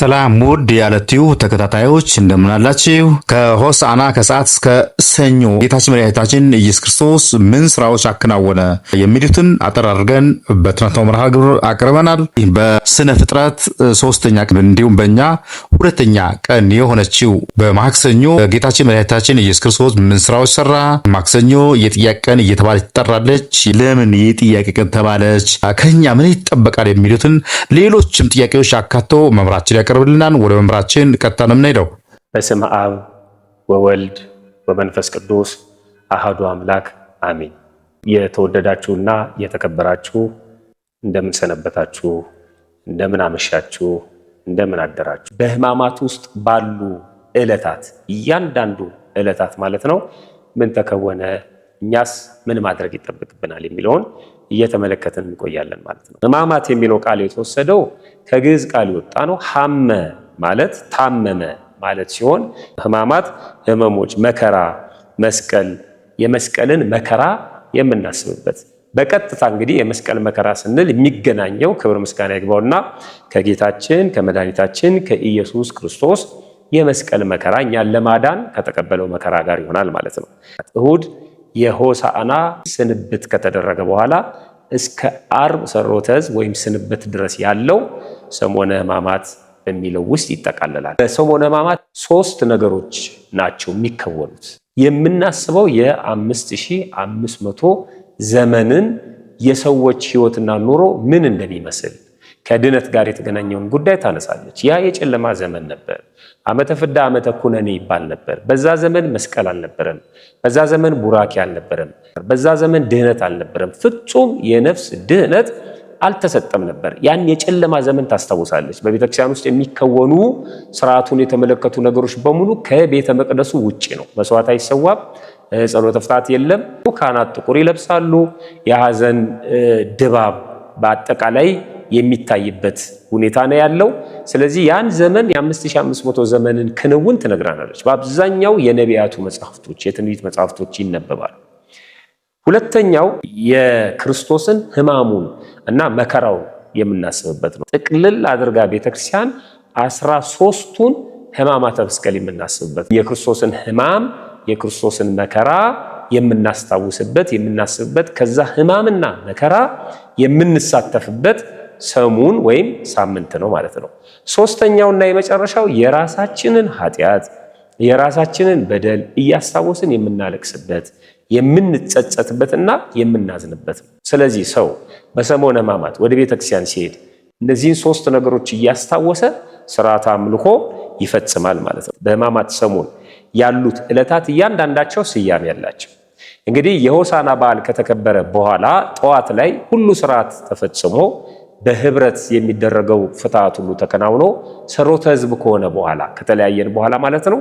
ሰላም ውድ ያለትዩ ተከታታዮች እንደምናላችሁ። ከሆሳና ከሰዓት እስከ ሰኞ ጌታችን መድኃኒታችን ኢየሱስ ክርስቶስ ምን ስራዎች አከናወነ የሚሉትን አጠር አድርገን በትናንትናው መርሃ ግብር አቅርበናል። በስነ ፍጥረት ሶስተኛ ቀን እንዲሁም በእኛ ሁለተኛ ቀን የሆነችው በማክሰኞ ጌታችን መድኃኒታችን ኢየሱስ ክርስቶስ ምን ስራዎች ሰራ? ማክሰኞ የጥያቄ ቀን እየተባለ ትጠራለች። ለምን የጥያቄ ቀን ተባለች? ከኛ ምን ይጠበቃል? የሚሉትን ሌሎችም ጥያቄዎች አካቶ መምራችን ያቀርብልናል። ወደ መምህራችን ቀጥታ ነው የምንሄደው። በስም አብ ወወልድ ወመንፈስ ቅዱስ አህዱ አምላክ አሜን። የተወደዳችሁና የተከበራችሁ እንደምን ሰነበታችሁ? እንደምን አመሻችሁ? እንደምን አደራችሁ? በህማማት ውስጥ ባሉ ዕለታት እያንዳንዱ ዕለታት ማለት ነው ምን ተከወነ፣ እኛስ ምን ማድረግ ይጠበቅብናል የሚለውን እየተመለከትን እንቆያለን ማለት ነው። ሕማማት የሚለው ቃል የተወሰደው ከግዕዝ ቃል የወጣ ነው። ሐመ ማለት ታመመ ማለት ሲሆን ህማማት ህመሞች መከራ፣ መስቀል፣ የመስቀልን መከራ የምናስብበት በቀጥታ እንግዲህ የመስቀል መከራ ስንል የሚገናኘው ክብር ምስጋና ይግባውና ከጌታችን ከመድኃኒታችን ከኢየሱስ ክርስቶስ የመስቀል መከራ እኛን ለማዳን ከተቀበለው መከራ ጋር ይሆናል ማለት ነው። እሁድ የሆሳዕና ስንብት ከተደረገ በኋላ እስከ አርብ ሰሮተ ሕዝብ ወይም ስንብት ድረስ ያለው ሰሞነ ሕማማት በሚለው ውስጥ ይጠቃለላል። በሰሞነ ሕማማት ሶስት ነገሮች ናቸው የሚከወኑት። የምናስበው የ5500 ዘመንን የሰዎች ህይወትና ኑሮ ምን እንደሚመስል ከድነት ጋር የተገናኘውን ጉዳይ ታነሳለች። ያ የጨለማ ዘመን ነበር። ዓመተ ፍዳ ዓመተ ኩነኔ ይባል ነበር። በዛ ዘመን መስቀል አልነበረም። በዛ ዘመን ቡራኬ አልነበረም። በዛ ዘመን ድህነት አልነበረም። ፍጹም የነፍስ ድህነት አልተሰጠም ነበር። ያን የጨለማ ዘመን ታስታውሳለች። በቤተክርስቲያን ውስጥ የሚከወኑ ስርዓቱን የተመለከቱ ነገሮች በሙሉ ከቤተ መቅደሱ ውጭ ነው። መስዋዕት አይሰዋም። ጸሎተ ፍታት የለም። ካህናት ጥቁር ይለብሳሉ። የሐዘን ድባብ በአጠቃላይ የሚታይበት ሁኔታ ነው ያለው። ስለዚህ ያን ዘመን የ5500 ዘመንን ክንውን ትነግራናለች። በአብዛኛው የነቢያቱ መጽሐፍቶች፣ የትንቢት መጽሐፍቶች ይነበባሉ። ሁለተኛው የክርስቶስን ሕማሙን እና መከራው የምናስብበት ነው። ጥቅልል አድርጋ ቤተክርስቲያን አስራ ሶስቱን ሕማማተ መስቀል የምናስብበት የክርስቶስን ሕማም የክርስቶስን መከራ የምናስታውስበት የምናስብበት ከዛ ሕማምና መከራ የምንሳተፍበት ሰሙን ወይም ሳምንት ነው ማለት ነው። ሶስተኛውና የመጨረሻው የራሳችንን ኃጢአት የራሳችንን በደል እያስታወስን የምናለቅስበት የምንጸጸትበትና የምናዝንበት ነው። ስለዚህ ሰው በሰሞነ ሕማማት ወደ ቤተክርስቲያን ሲሄድ እነዚህን ሶስት ነገሮች እያስታወሰ ስርዓት አምልኮ ይፈጽማል ማለት ነው። በሕማማት ሰሞን ያሉት ዕለታት እያንዳንዳቸው ስያሜ ያላቸው እንግዲህ የሆሳና በዓል ከተከበረ በኋላ ጠዋት ላይ ሁሉ ስርዓት ተፈጽሞ በህብረት የሚደረገው ፍትሐት ሁሉ ተከናውኖ ሰሮተ ህዝብ ከሆነ በኋላ ከተለያየን በኋላ ማለት ነው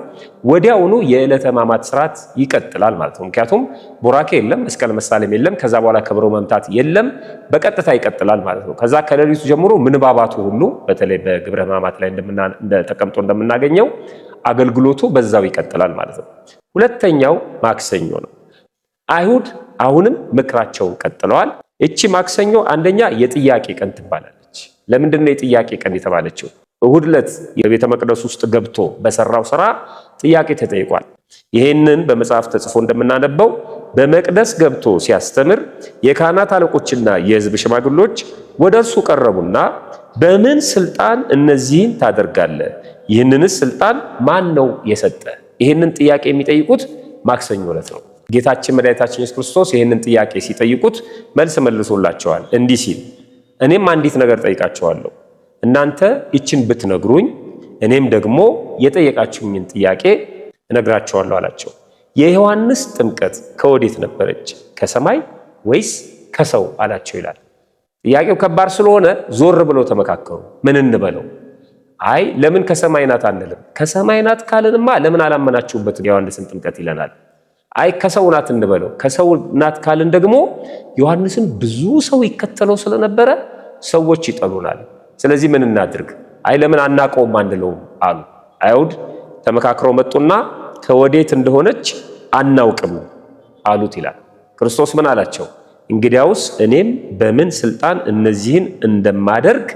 ወዲያውኑ የዕለተ ሕማማት ስርዓት ይቀጥላል ማለት ነው። ምክንያቱም ቡራኬ የለም፣ መስቀል መሳለም የለም፣ ከዛ በኋላ ከበሮ መምታት የለም፣ በቀጥታ ይቀጥላል ማለት ነው። ከዛ ከሌሊቱ ጀምሮ ምንባባቱ ሁሉ በተለይ በግብረ ሕማማት ላይ ተቀምጦ እንደምናገኘው አገልግሎቱ በዛው ይቀጥላል ማለት ነው። ሁለተኛው ማክሰኞ ነው። አይሁድ አሁንም ምክራቸውን ቀጥለዋል። እቺ ማክሰኞ አንደኛ የጥያቄ ቀን ትባላለች። ለምንድን ነው የጥያቄ ቀን የተባለችው? እሁድ ዕለት የቤተ መቅደስ ውስጥ ገብቶ በሰራው ስራ ጥያቄ ተጠይቋል። ይህንን በመጽሐፍ ተጽፎ እንደምናነበው በመቅደስ ገብቶ ሲያስተምር የካህናት አለቆችና የሕዝብ ሽማግሎች ወደ እርሱ ቀረቡና በምን ስልጣን እነዚህን ታደርጋለህ? ይህንንስ ስልጣን ማን ነው የሰጠ? ይህንን ጥያቄ የሚጠይቁት ማክሰኞ ዕለት ነው። ጌታችን መድኃኒታችን ኢየሱስ ክርስቶስ ይህንን ጥያቄ ሲጠይቁት መልስ መልሶላቸዋል እንዲህ ሲል እኔም አንዲት ነገር ጠይቃቸዋለሁ እናንተ ይችን ብትነግሩኝ እኔም ደግሞ የጠየቃችሁኝን ጥያቄ እነግራቸዋለሁ አላቸው። የዮሐንስ ጥምቀት ከወዴት ነበረች? ከሰማይ ወይስ ከሰው አላቸው ይላል። ጥያቄው ከባድ ስለሆነ ዞር ብለው ተመካከሩ። ምን እንበለው? አይ ለምን ከሰማይ ናት አንልም? ከሰማይ ናት ካልንማ ለምን አላመናችሁበት የዮሐንስን ጥምቀት ይለናል። አይ ከሰው ናት እንበለው። ከሰው ናት ካልን ደግሞ ዮሐንስን ብዙ ሰው ይከተለው ስለነበረ ሰዎች ይጠሉናል። ስለዚህ ምን እናድርግ? አይ ለምን አናቀውም አንለውም አሉ። አይሁድ ተመካክረው መጡና ከወዴት እንደሆነች አናውቅም አሉት ይላል። ክርስቶስ ምን አላቸው? እንግዲያውስ እኔም በምን ስልጣን እነዚህን እንደማደርግ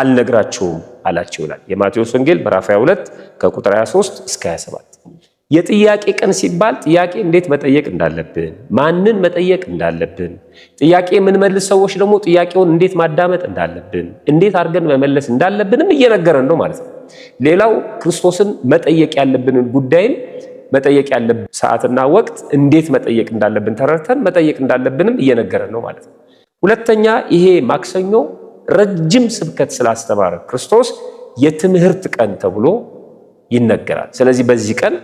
አልነግራችሁም አላቸው ይላል። የማቴዎስ ወንጌል ምዕራፍ 22 ከቁጥር 23 እስከ 27 የጥያቄ ቀን ሲባል ጥያቄ እንዴት መጠየቅ እንዳለብን፣ ማንን መጠየቅ እንዳለብን፣ ጥያቄ የምንመልስ ሰዎች ደግሞ ጥያቄውን እንዴት ማዳመጥ እንዳለብን፣ እንዴት አድርገን መመለስ እንዳለብንም እየነገረን ነው ማለት ነው። ሌላው ክርስቶስን መጠየቅ ያለብንን ጉዳይን መጠየቅ ያለብን ሰዓትና ወቅት እንዴት መጠየቅ እንዳለብን ተረድተን መጠየቅ እንዳለብንም እየነገረን ነው ማለት ነው። ሁለተኛ ይሄ ማክሰኞ ረጅም ስብከት ስላስተማረ ክርስቶስ የትምህርት ቀን ተብሎ ይነገራል። ስለዚህ በዚህ ቀን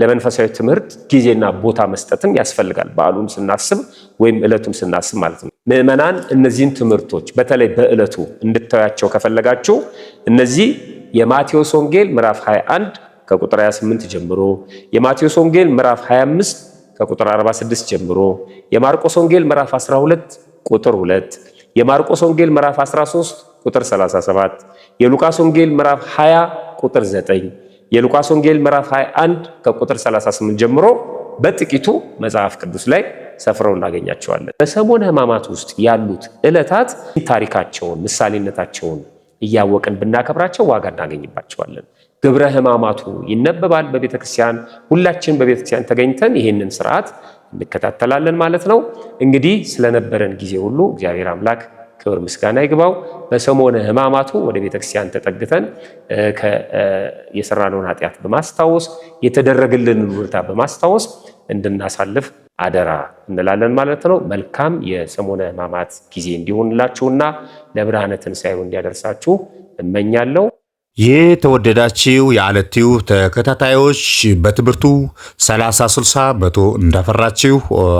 ለመንፈሳዊ ትምህርት ጊዜና ቦታ መስጠትን ያስፈልጋል። በዓሉን ስናስብ ወይም ዕለቱም ስናስብ ማለት ነው። ምዕመናን እነዚህን ትምህርቶች በተለይ በዕለቱ እንድታያቸው ከፈለጋችሁ እነዚህ የማቴዎስ ወንጌል ምዕራፍ 21 ከቁጥር 28 ጀምሮ፣ የማቴዎስ ወንጌል ምዕራፍ 25 ከቁጥር 46 ጀምሮ፣ የማርቆስ ወንጌል ምዕራፍ 12 ቁጥር 2፣ የማርቆስ ወንጌል ምዕራፍ 13 ቁጥር 37፣ የሉቃስ ወንጌል ምዕራፍ 20 ቁጥር 9 የሉቃስ ወንጌል ምዕራፍ 21 ከቁጥር 38 ጀምሮ በጥቂቱ መጽሐፍ ቅዱስ ላይ ሰፍረው እናገኛቸዋለን። በሰሞነ ሕማማት ውስጥ ያሉት ዕለታት ታሪካቸውን፣ ምሳሌነታቸውን እያወቅን ብናከብራቸው ዋጋ እናገኝባቸዋለን። ግብረ ሕማማቱ ይነበባል በቤተ ክርስቲያን። ሁላችን በቤተ ክርስቲያን ተገኝተን ይህንን ስርዓት እንከታተላለን ማለት ነው። እንግዲህ ስለነበረን ጊዜ ሁሉ እግዚአብሔር አምላክ ክብር ምስጋና ይግባው። በሰሞነ ሕማማቱ ወደ ቤተክርስቲያን ተጠግተን የሰራነውን ኃጢአት በማስታወስ የተደረገልን ውርታ በማስታወስ እንድናሳልፍ አደራ እንላለን ማለት ነው። መልካም የሰሞነ ሕማማት ጊዜ እንዲሆንላችሁና ለብርሃነ ትንሣኤው እንዲያደርሳችሁ እመኛለሁ። የተወደዳችው የአለቲው ተከታታዮች በትምህርቱ 30 60 መቶ እንዳፈራችሁ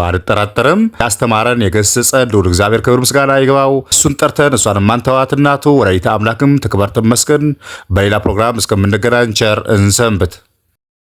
አልጠራጠርም። ያስተማረን የገሰጸን ልዑል እግዚአብሔር ክብር ምስጋና ይግባው። እሱን ጠርተን እሷን ማንተዋት እናቱ ወላዲተ አምላክም ትክበር ትመስገን። በሌላ ፕሮግራም እስከምንገናኝ ቸር እንሰንብት።